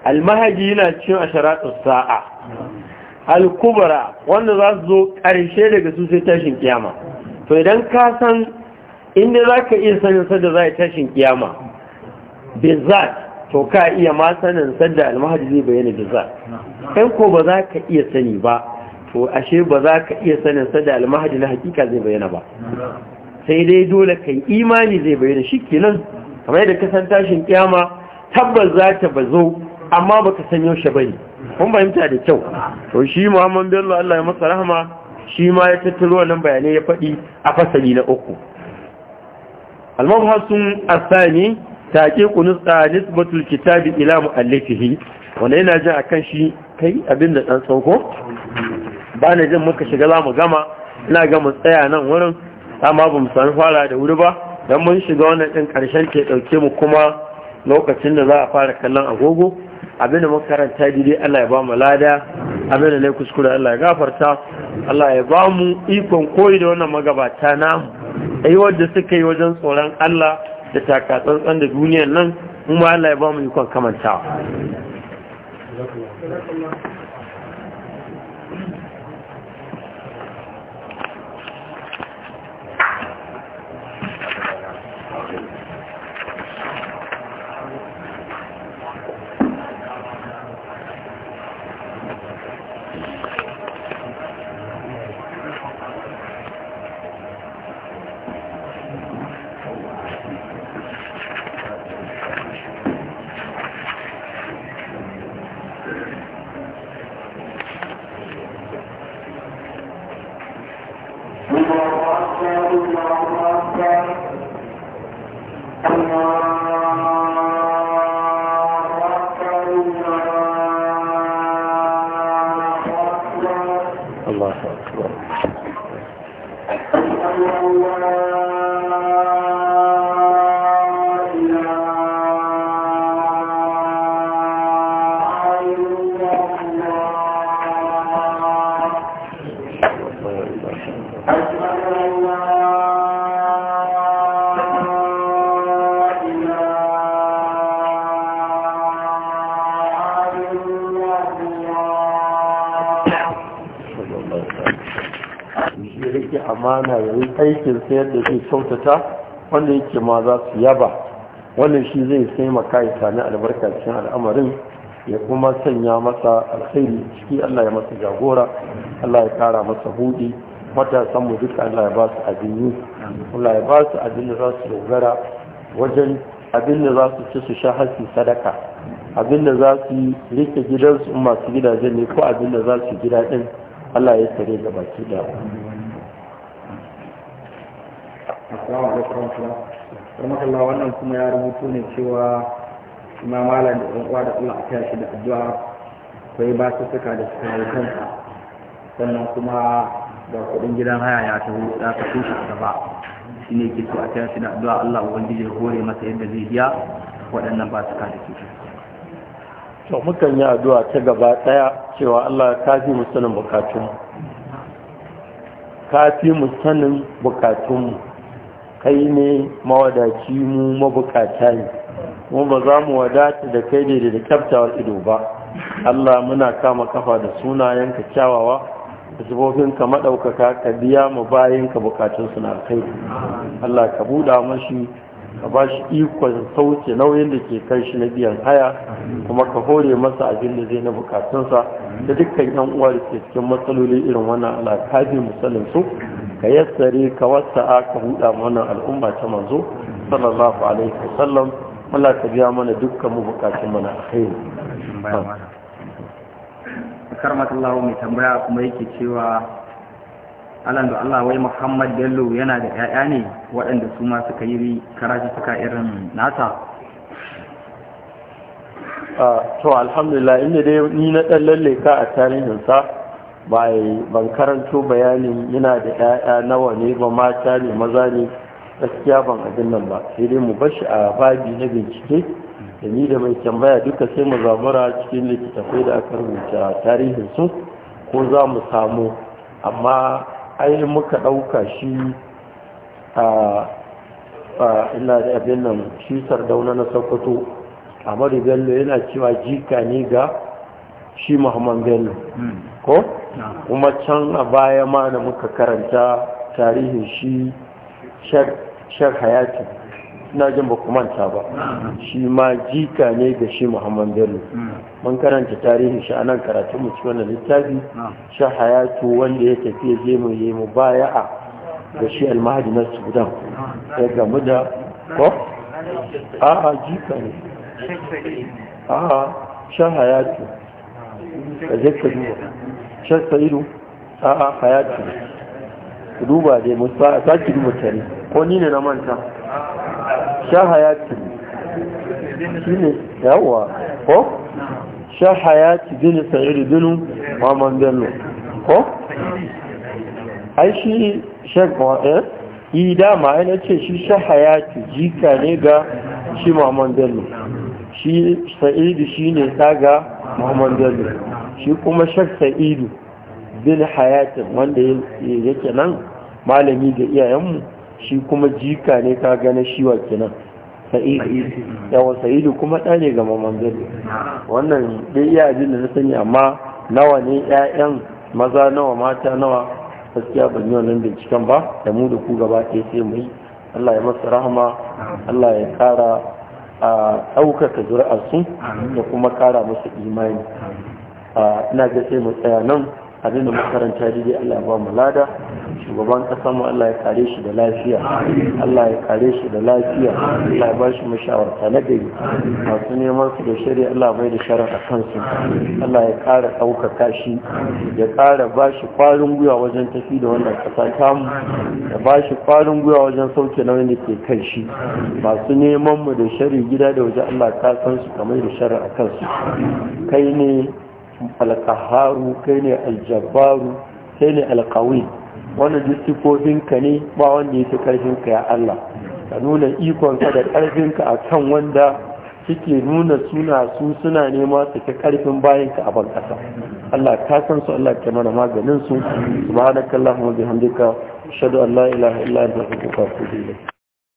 almahadi yana a asharatun sa'a alkubara wanda za su zo ƙarshe daga su sai tashin kiyama to idan ka san inda za ka iya sanin sadda za tashin kiyama bizat to ka iya ma sanin sadda almahadi zai bayyana bizat ɗan ko ba za ka iya sani ba to ashe ba za ka iya sanin sadda almahadi na hakika zai bayyana ba sai dai dole kai imani zai bayana shi kenan kamar yadda ka san tashin kiyama tabbas za ta bazo amma baka san yaushe bane kun fahimta da kyau to shi Muhammad Bello Allah ya masa rahama shi ma ya tattaro wannan bayanai ya faɗi a fasali na uku al-mabhasun kunu taqiqu batul kitabi ila muallifihi wanda yana jin akan shi kai abin da dan sauko ba na jin muka shiga za mu gama ina ga mu tsaya nan wurin amma ba mu san fara da wuri ba dan mun shiga wannan din karshen ke dauke mu kuma lokacin da za a fara kallon agogo abinda makaranta dide Allah ya ba mu lada abinda ne kuskure Allah ya gafarta Allah ya ba mu ikon koyi da wannan magabata namu ai wanda suka yi wajen tsoron Allah da taka tsantsan da duniyar nan kuma Allah ya ba mu ikon kamantawa amana ya yi aikin sayar da zai kyautata wanda yake ma za su yaba wannan shi zai sai maka ya sami albarkacin al'amarin ya kuma sanya masa alkhairi ciki Allah ya masa jagora Allah ya kara masa hudi matasan mu duka Allah ya ba su abin Allah ya ba su abin da za su dogara wajen abin da za su ci su sha hasi sadaka abin da za su rike gidansu masu gidajen ne ko abin da za su gida din Allah ya tare ga baki da rahmatullah rahmatullah wannan kuma ya rubutu ne cewa kuma malam da ɗan uwa da Allah a tashi da addu'a akwai ba su suka da suka yi kansa sannan kuma ga kuɗin gidan haya ya taho za ka tushe a gaba shi ne ke so a tashi da addu'a Allah ubangiji ya hore masa yadda zai biya waɗannan ba su ka da ke to mukan yi addu'a ta gaba ɗaya cewa Allah ka ji mu sanin bukatunmu ka fi mu sanin bukatunmu kai ne mawadaci mu mabukata ne mu ba za mu wadata da kai daidai da kyaftawar ido ba Allah muna kama kafa da sunayenka kyawawa da ka maɗaukaka ka biya mu bayan ka bukatun suna kai Allah ka buɗa mashi ka ba shi ikon sauke nauyin da ke kai shi na biyan haya kuma ka hore masa abin da zai na bukatunsa da dukkan yan uwa da ke cikin matsaloli irin wannan Allah ka bi musallin su ka yassari ka wasa ka buɗa mana al'umma ta manzo sallallahu alaihi wasallam Allah ka biya mana dukkan mu bukatun mana akhiri karmatallahu mai tambaya kuma yake cewa Allah da Allah wai Muhammad Bello yana da 'ya'ya ne waɗanda su ma suka yi karashi suka irin nasa ah, to alhamdulillah inda dai ni na ɗan lalle ka a tarihin sa. bai ban karanto bayanin yana da 'ya'ya nawa ne ba mata ne maza ne gaskiya ban abin nan ba sai dai mu bashi a babi na bincike da ni da mai tambaya duka sai mu zamura cikin littattafai da aka rubuta tarihin su ko za mu samu amma ai muka ɗauka shi a ina da abin nan shi sardauna na sokoto a bello yana cewa jika ne ga shi muhammad bello hmm. ko kuma can a baya ma da muka karanta tarihin shi shar hayati na jin ba manta ba shi ma jika ne ga shi muhammad bello hmm. mun karanta tarihin shi a nan mu ci wannan littafi shi hayatu wanda ya tafi je mu yi mu baya a ga shi almahadi na sudan ya gamu da ko a jika ne a shan hayatu a ka duba shek sa'idu a a hayati ku duba dai musa a saki duba tare ko ni ne na manta sha hayati shi ne yawa ko sha hayati bin sa'idu binu maman bello ko ai shi shek ma'a'ir yi dama yana ce shi sha hayati jika ne ga shi maman bello shi sa'idu shi ne ta ga maman bello shi kuma shak sa'idu bil hayatin wanda yake nan malami ga iyayenmu shi kuma jika ne ka gane shi wa kenan sa'idu sa'idu kuma ɗa ne ga mamman wannan dai iya abin da na sani amma nawa ne 'ya'yan maza nawa mata nawa gaskiya ban yi wannan binciken ba da mu da ku gaba ɗaya sai mu yi Allah ya masa rahama Allah ya ƙara a ɗaukaka zuri'arsu da kuma kara musu imani ina ga sai mu tsaya nan abin da makaranta daidai Allah ya ba mu lada shugaban kasan mu Allah ya kare shi da lafiya Allah ya kare shi da lafiya Allah ya ba shi mashawarta na gari masu neman su da shari'a Allah bai da sharar a kansu Allah ya kara ɗaukaka shi ya kara ba shi kwarin gwiwa wajen tafi da wannan kasa tamu ya ba shi kwarin gwiwa wajen sauke nauyin da ke kan shi masu neman mu da shari'a gida da waje Allah ka san su kamar da sharar a kansu kai ne alkaharu kai ne aljabaru kai ne alkawi wannan duk ne ba wanda ya fi karfinka ya Allah ka nuna ikonka da karfinka a kan wanda suke nuna suna su suna nema su ta karfin bayanka a bankasa Allah ka san su Allah ke mana maganin su subhanakallahumma bihamdika hamdika an allah ilaha illa anta astaghfiruka wa